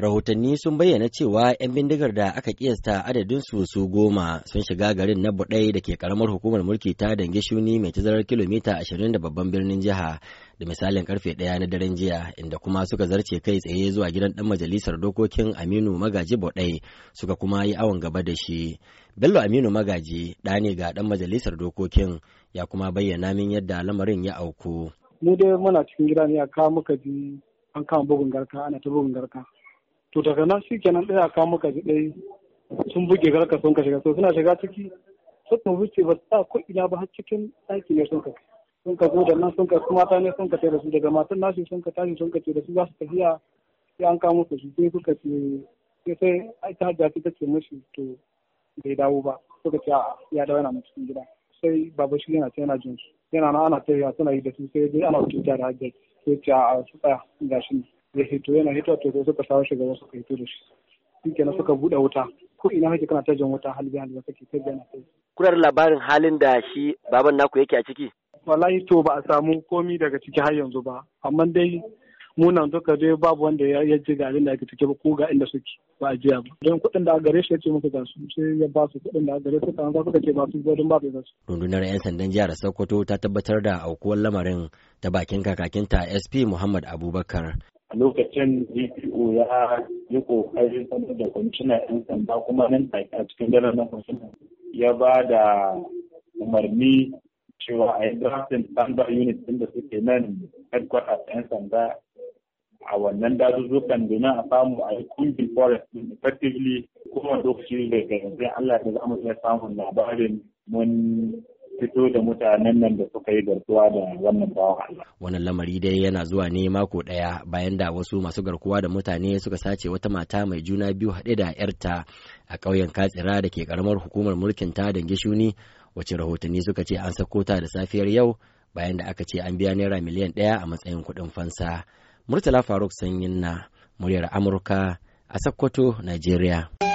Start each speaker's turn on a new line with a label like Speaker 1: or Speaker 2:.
Speaker 1: rahotanni sun bayyana cewa 'yan bindigar da aka kiyasta adadin su su goma sun shiga garin na buɗai da ke karamar hukumar mulki ta dange shuni mai tazarar kilomita 20 da babban birnin jiha da misalin karfe ɗaya na daren jiya inda kuma suka zarce kai tsaye zuwa gidan ɗan majalisar dokokin aminu magaji buɗai suka kuma yi awon gaba da shi bello aminu magaji ɗa ne ga ɗan majalisar dokokin ya kuma bayyana min yadda lamarin ya auku
Speaker 2: mu dai muna cikin gida ne a kawo muka ji an kama bugun garka ana ta bugun garka to daga nan shi kenan ɗaya aka maka ji ɗai sun buge garka sun ka shiga to suna shiga ciki suka wuce ba sa ko ina ba har cikin ɗaki ne sun ka sun ka zo da nan sun ka su mata ne sun ka tare da su daga matan nashi sun ka tashi sun ka ce da su za su tafiya sai an kamo su sai suka ce sai sai ita hajja ta ce mashi to bai dawo ba suka ce ya dawo yana cikin gida sai baba shi yana yana jin su yana na ana tafiya suna yi da su sai dai ana wuce da hajja sai ce a su tsaya gashi ne ya hito yana hito to sai suka sawo shiga suka hito da shi shikenan suka buɗe wuta ko ina kake kana ta jan wuta halbi halbi kake kai jan
Speaker 1: ta kurar labarin halin da shi baban naku yake a ciki
Speaker 2: wallahi to ba a samu komi daga ciki har yanzu ba amma dai munan duka dai babu wanda ya ji ga abin da ake cike ba ko ga inda suke ba a jiya ba don kuɗin da gare shi ya ce musu ga su sai ya ba su kuɗin da gare su kan zaka ce ba su gudun ba bai su.
Speaker 1: rundunar 'yan sandan jihar sokoto ta tabbatar da aukuwar lamarin ta bakin kakakinta sp muhammad abubakar
Speaker 3: a lokacin dpo ya yi kokarin sanar da kwamishina yan sanda kuma nan take a cikin daren na kwamishina ya ba da umarni cewa a yi drafting standard unit ɗin da suke nan headquarters yan sanda a wannan dazuzzukan domin a samu a yi kungin forest din effectively kuma lokaci da yanzu Allah ya za mu iya samun labarin mun fito da mutanen nan da suka yi garkuwa da wannan bawan
Speaker 1: Allah. Wannan lamari dai yana zuwa ne mako daya, bayan da wasu masu garkuwa da mutane suka sace wata mata mai juna biyu haɗe da 'yarta a ƙauyen Katsira da ke ƙaramar hukumar mulkin ta dange shuni wacce rahotanni suka ce an sako ta da safiyar yau bayan da aka ce an biya naira miliyan ɗaya a matsayin kuɗin fansa. Murtala Faruk Sanyin na muryar Amurka a Sokoto, Najeriya.